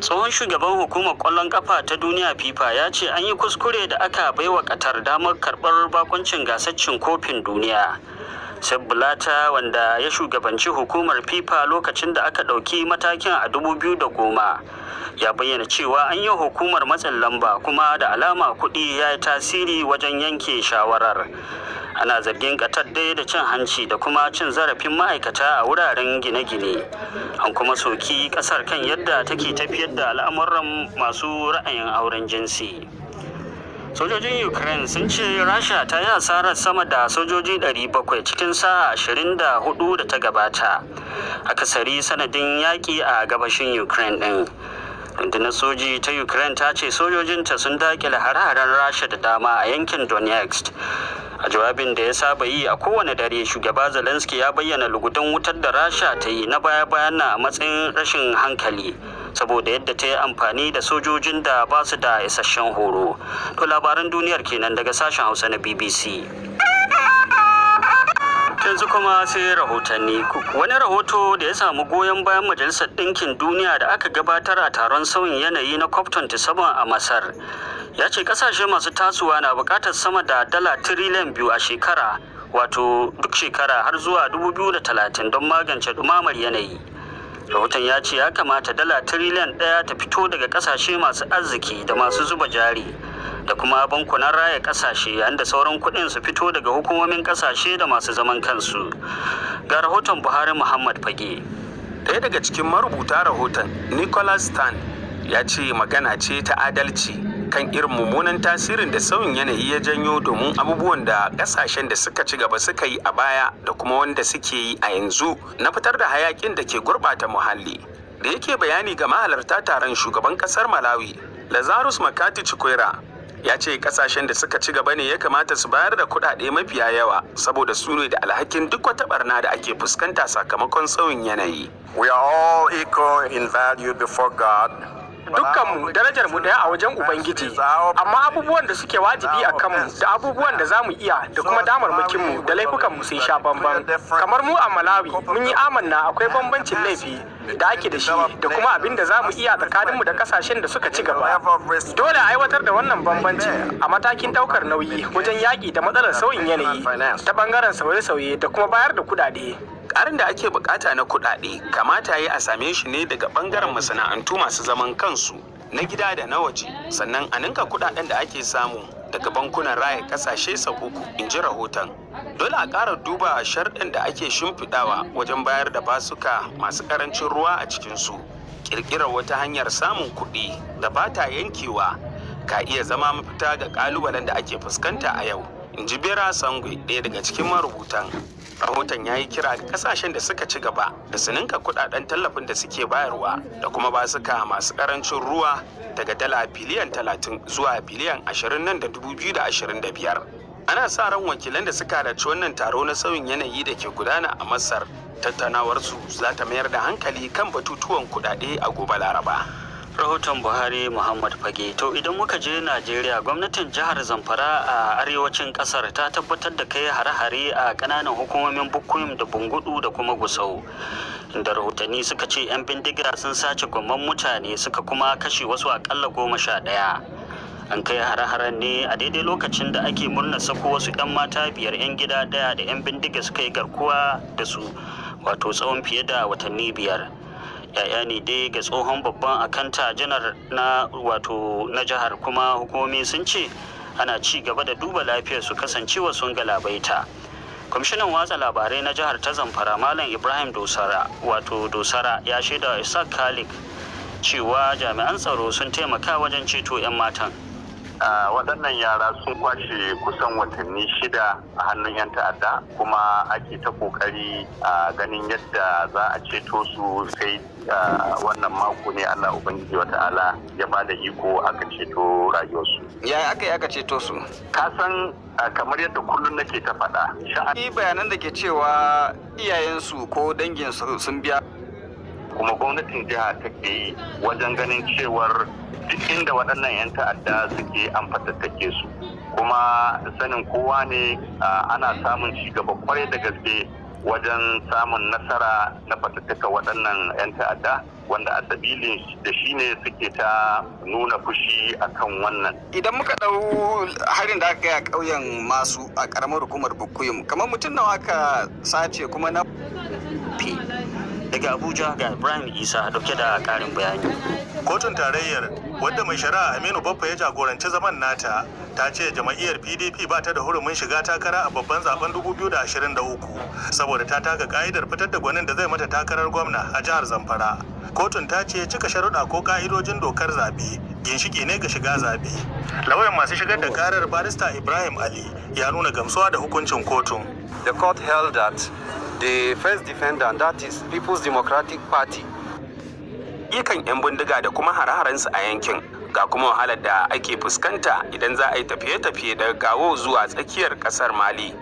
tsohon shugaban hukumar kwallon kafa ta duniya fifa ya ce an yi kuskure da aka baiwa ƙatar damar karɓar bakuncin gasar cin kofin duniya Shabbulata wanda ya shugabanci hukumar FIFA lokacin da aka ɗauki matakin a dubu biyu da goma. ya bayyana cewa an yi hukumar matsin lamba kuma da alama kuɗi ya yi tasiri wajen yanke shawarar. Ana zargin ƙatar dai da cin hanci da kuma cin zarafin ma'aikata a wuraren gine-gine. An kuma soki ƙasar kan yadda take tafiyar da al'amuran masu ra'ayin auren jinsi. sojojin ukraine sun ce rasha ta yi asarar sama da sojoji 700 cikin sa'a 24 da ta gabata akasari sanadin yaƙi a gabashin ukraine ɗin rundunar soji ta ukraine ta ce sojojinta sun dakile hare rasha da dama a yankin donetsk a jawabin da ya saba yi a kowane dare shugaba zelensky ya bayyana lugudun wutar da rasha ta yi na baya-bayan na matsayin rashin hankali saboda yadda ta yi amfani da sojojin da ba su da isasshen horo to labaran duniyar kenan daga sashen hausa na bbc yanzu kuma sai rahotanni wani rahoto da ya samu goyon bayan majalisar ɗinkin duniya da aka gabatar a taron sauyin yanayi na cop 27 a masar ya ce kasashe masu tasowa na buƙatar sama da dala tiriliyan biyu a shekara wato duk shekara har zuwa 2030 don magance ɗumamar yanayi rahoton ya ce ya kamata dala tiriliyan ɗaya ta fito daga ƙasashe masu arziki da masu zuba jari da kuma bankunan raya ƙasashe yayin da sauran kuɗin su fito daga hukumomin ƙasashe da masu zaman kansu ga rahoton buhari muhammad fage ɗaya daga cikin marubuta rahoton nicholas stan ya ce magana ce ta adalci kan irin mummunan tasirin da sauyin yanayi ya janyo domin abubuwan da ƙasashen da suka ci gaba suka yi a baya da kuma wanda suke yi a yanzu na fitar da hayakin da ke gurɓata muhalli da yake bayani ga mahalarta taron shugaban ƙasar malawi lazarus makati chikwera ya ce kasashen da suka ci gaba ne ya kamata su bayar da kuɗaɗe mafiya yawa saboda su ne da alhakin duk wata barna da ake fuskanta sakamakon sauyin yanayi. We are all equal in value before God dukkanmu darajar mu daya a wajen ubangiji amma abubuwan da suke wajibi a kanmu da abubuwan da zamu iya da kuma damar mu da laifukan mu sun sha bamban kamar mu a Malawi mun yi amanna akwai bambancin laifi da ake da shi da kuma abin da mu iya tsakanin mu da kasashen da suka ci gaba dole aiwatar da wannan bambanci a matakin daukar nauyi wajen yaki da matsalar sauyin yanayi ta bangaren sauye-sauye da kuma bayar da kudade Ƙarin da ake bukata na kuɗaɗe kamata yi a same shi ne daga ɓangaren masana'antu masu zaman kansu na gida da na waje sannan a ninka kuɗaɗen da ake samu daga bankunan raya ƙasashe sau uku in ji rahoton. Dole a ƙara duba sharɗin da ake shimfiɗawa wajen bayar da basuka masu ƙarancin ruwa a cikinsu. Ƙirƙirar wata hanyar samun kuɗi da ba ta yankewa ka iya zama mafita ga ƙalubalen da ake fuskanta a yau. In ji Bera Sangwe ɗaya daga cikin marubutan. rahoton ya yi kira ga kasashen da suka ci gaba da su ninka kudaden tallafin da suke bayarwa da kuma basuka masu karancin ruwa daga dala biliyan 30 zuwa biliyan 20 nan da 2025 ana sa ran wakilan da suka halarci wannan taro na sauyin yanayi da ke gudana a masar tattaunawarsu za ta mayar da hankali kan batutuwan kudade a gobe laraba rahoton buhari muhammad fage to idan muka je najeriya gwamnatin jihar zamfara a arewacin kasar ta tabbatar da kai hare-hare a kananan hukumomin bukuyum da bungudu da kuma gusau da rahotanni suka ce 'yan bindiga sun sace gwamman mutane suka kuma kashe wasu akalla goma sha ɗaya an kai hare-haren ne a daidai lokacin da ake murnar sako wasu 'yan mata biyar 'yan gida daya da 'yan bindiga suka yi garkuwa da su wato tsawon fiye da watanni biyar yaya ne dai ga tsohon babban akanta janar na wato na jihar kuma hukumomi sun ce ana ci gaba da duba lafiyar su kasancewa sun labaita. kwamishinan watsa labarai na jihar ta zamfara malam ibrahim dosara wato dosara ya shaida isaac kalik cewa jami'an tsaro sun taimaka wajen ceto 'yan matan waɗannan yara sun kwashe kusan watanni shida a hannun 'yan ta'adda kuma ake ta ƙoƙari a ganin yadda za a ceto su sai wannan mako ne Allah Ubangiji wa ya ba da iko aka ceto rayuwarsu. Yaya aka yi aka ceto su? kasan kamar yadda kullum nake ta faɗa. Shi bayanan da ke cewa iyayensu ko danginsu sun biya kuma gwamnatin jiha take yi wajen ganin cewar duk inda waɗannan 'yan ta'adda suke an fatattake su kuma sanin kowa ne ana samun gaba kwarai da gaske wajen samun nasara na fatattaka waɗannan 'yan ta'adda wanda a sabilin da shi ne suke ta nuna fushi akan wannan. Idan muka ɗau harin da aka yi a ƙauyen masu a ƙaramar hukumar Bukuyum, kamar mutum nawa aka sace kuma na daga abuja ga ibrahim isa dauke da karin bayani kotun tarayyar wadda mai shari'a aminu baffa ya jagoranci zaman nata ta ce jama'iyyar pdp ba ta da hurumin shiga takara a babban zaben 2023 saboda ta taka ka'idar fitar da gwanin da zai mata takarar gwamna a jihar zamfara kotun ta ce cika sharuɗa ko ka'idojin dokar zaɓe ginshiƙi ne ga shiga zaɓe lauyan masu shigar da karar barista ibrahim ali ya nuna gamsuwa da hukuncin kotun the court held that the first defender that is people's democratic party ikan 'yan bindiga da kuma hare-harensu a yankin ga kuma wahalar da ake fuskanta idan za a yi tafiye-tafiye daga gawo zuwa tsakiyar kasar mali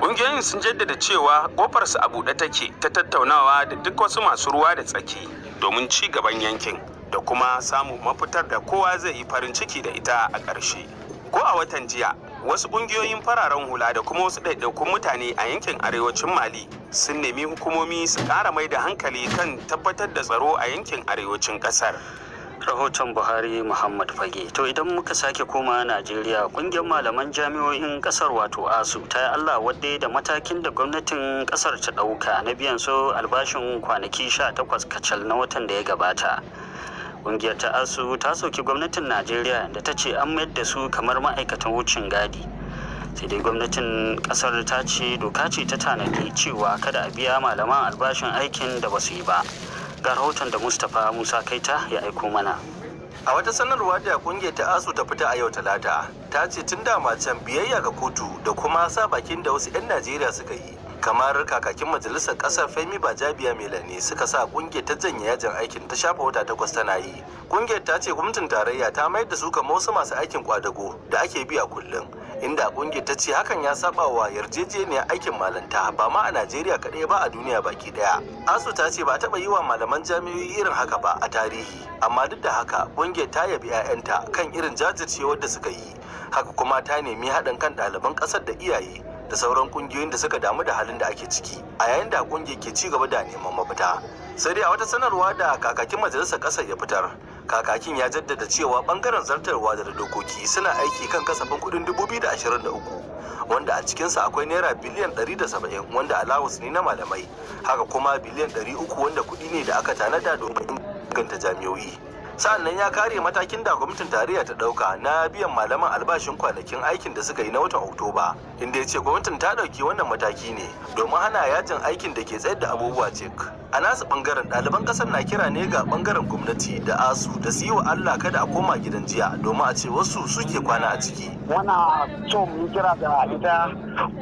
ƙungiyoyin sun jaddada cewa ƙofarsu a buɗe take ta tattaunawa da duk wasu masu ruwa da tsaki domin ci gaban yankin da kuma samun mafitar da kowa zai yi farin ciki da ita a ƙarshe ko a watan jiya wasu ƙungiyoyin fararen hula da kuma wasu ɗaiɗaikun mutane a yankin arewacin mali sun nemi hukumomi su ƙara mai da hankali kan tabbatar da tsaro a yankin arewacin ƙasar rahoton buhari muhammad fage to idan muka sake koma najeriya kungiyar malaman jami'o'in kasar wato asu ta yi allah wadda da matakin da gwamnatin kasar ta ɗauka na biyan su albashin kwanaki 18 kacal na watan da ya gabata Ƙungiyar ta ASU ta soki gwamnatin Najeriya da ta ce an mayar da su kamar ma'aikatan wucin gadi. Sai dai gwamnatin ƙasar ta ce doka ce ta tanadi cewa kada a biya malaman albashin aikin da ba su yi ba. Ga rahoton da Mustapha Musa Kaita ya aiko mana. A wata sanarwa da ƙungiyar ta ASU ta fita a yau talata, ta ce tun dama can biyayya ga kotu da kuma sa bakin da wasu 'yan Najeriya suka yi kamar kakakin majalisar kasar femi bajabiya melani suka sa kungiyar ta janye yajin aikin ta shafa wata takwas tana yi kungiyar ta ce gwamnatin tarayya ta mayar da su kamar wasu masu aikin kwadago da ake biya kullum inda kungiyar ta ce hakan ya saba wa yarjejeniyar aikin malanta ba ma a najeriya kaɗai ba a duniya baki ɗaya asu ta ce ba a taɓa yi wa malaman jami'o'i irin haka ba a tarihi amma duk da haka kungiyar ta yabi 'ya'yanta kan irin jajircewar da suka yi haka kuma ta nemi haɗin kan ɗaliban ƙasar da iyaye da sauran kungiyoyin da suka damu da halin da ake ciki a yayin da kungiyar ke ci gaba da neman mafita sai dai a wata sanarwa da kakakin majalisar kasa ya fitar kakakin ya jaddada cewa bangaren zartarwa da dokoki suna aiki kan kasafin kudin uku. wanda a cikinsa akwai naira biliyan ɗari da saba'in wanda alawus ne na malamai haka kuma biliyan ɗari uku wanda kuɗi ne da aka tanada domin inganta jami'o'i sa'annan ya kare matakin da gwamnatin tarayya ta dauka na biyan malaman albashin kwanakin aikin da suka yi na watan oktoba inda ya ce gwamnatin ta dauki wannan mataki ne domin hana yajin aikin da ke tsayar da abubuwa cik a nasu bangaren ɗaliban ƙasar na kira ne ga bangaren gwamnati da asu da su yi wa allah kada a koma gidan jiya domin a ce wasu suke kwana a ciki muna so mun kira ga ita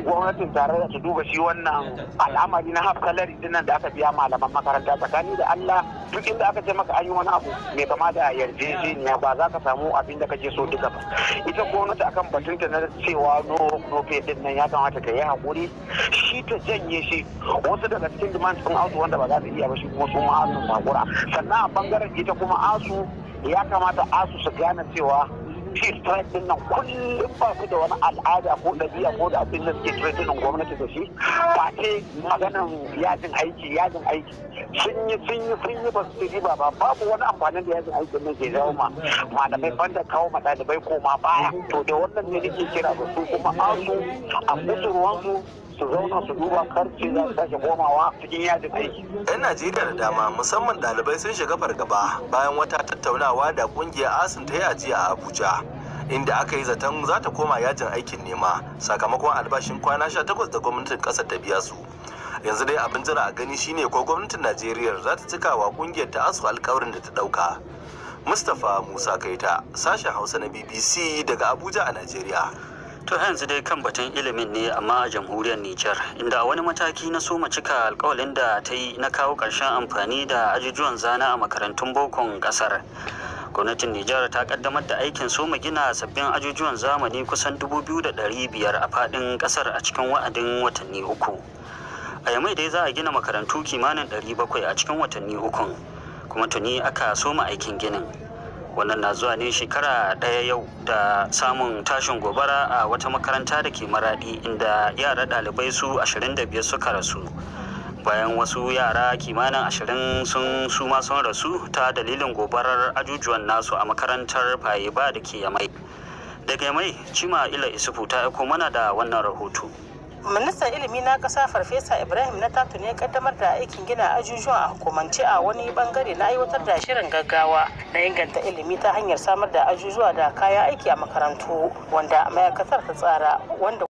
gwamnatin tarayya ta duba shi wannan al'amari na haf salari dinnan da aka biya malaman makaranta tsakani da allah duk inda aka ce maka an yi wani abu mai kama da yarjejeniya ba za ka samu abin da kake so duka ba ita gwamnati akan batunta na cewa no no pay din nan ya kamata ta yi hakuri shi ta janye shi wasu daga cikin demands sun auto wanda ba za iya ba shi kuma su asu sannan a bangaren ita kuma asu ya kamata asu su gane cewa shi strike din nan kullum ba su da wani al'ada ko ɗabi'a ko da abin da suke threatening gwamnati da shi face maganan yajin aiki yajin aiki sun yi sun yi sun yi ba su riba ba babu wani amfanin da yajin aikin nan ke jawo ma malamai banda kawo ma ɗalibai koma baya to da wannan ne nake kira ba su kuma asu a kusurwansu su zauna su duba karce za su sake komawa cikin yajin aiki. 'Yan Najeriya da dama musamman ɗalibai sun shiga fargaba bayan wata tattaunawa da ƙungiyar asin ta yi ajiya a Abuja. inda aka yi zaton za ta koma yajin aikin nema sakamakon albashin kwana sha 18 da gwamnatin kasar ta biya su yanzu dai abin jira a gani shine ko gwamnatin najeriya za ta cika wa kungiyar ta asu alkawarin da ta dauka mustapha musa kaita sashen hausa na bbc daga abuja a najeriya To yanzu dai kan batun ilimin ne amma a jamhuriyar Nijar inda a wani mataki na soma cika alkawalin da ta yi na kawo ƙarshen amfani da ajujuwan zana a makarantun bokon ƙasar. Gwamnatin Nijar ta kaddamar da aikin soma gina sabbin ajujuwan zamani kusan dubu biyu da biyar a faɗin ƙasar a cikin wa'adin watanni uku. A yamai dai za a gina makarantu kimanin 700 a cikin watanni ukun kuma tuni aka soma aikin ginin. wannan na zuwa ne shekara ɗaya yau da samun tashin gobara a wata makaranta da ke maraɗi inda yara ɗalibai su 25 suka rasu bayan wasu yara kimanin ashirin sun suma sun rasu ta dalilin gobarar ajujuwan nasu a makarantar faye ba da ke yamai daga yamai cima ila isufu ta aiko mana da wannan rahoto ministan ilimi na kasa farfesa ibrahim na tatu ne kaddamar da aikin gina ajujuwan a hukumance a wani bangare na aiwatar da shirin gaggawa na inganta ilimi ta hanyar samar da ajujuwa da kayan aiki a makarantu wanda mayakatar ta tsara wanda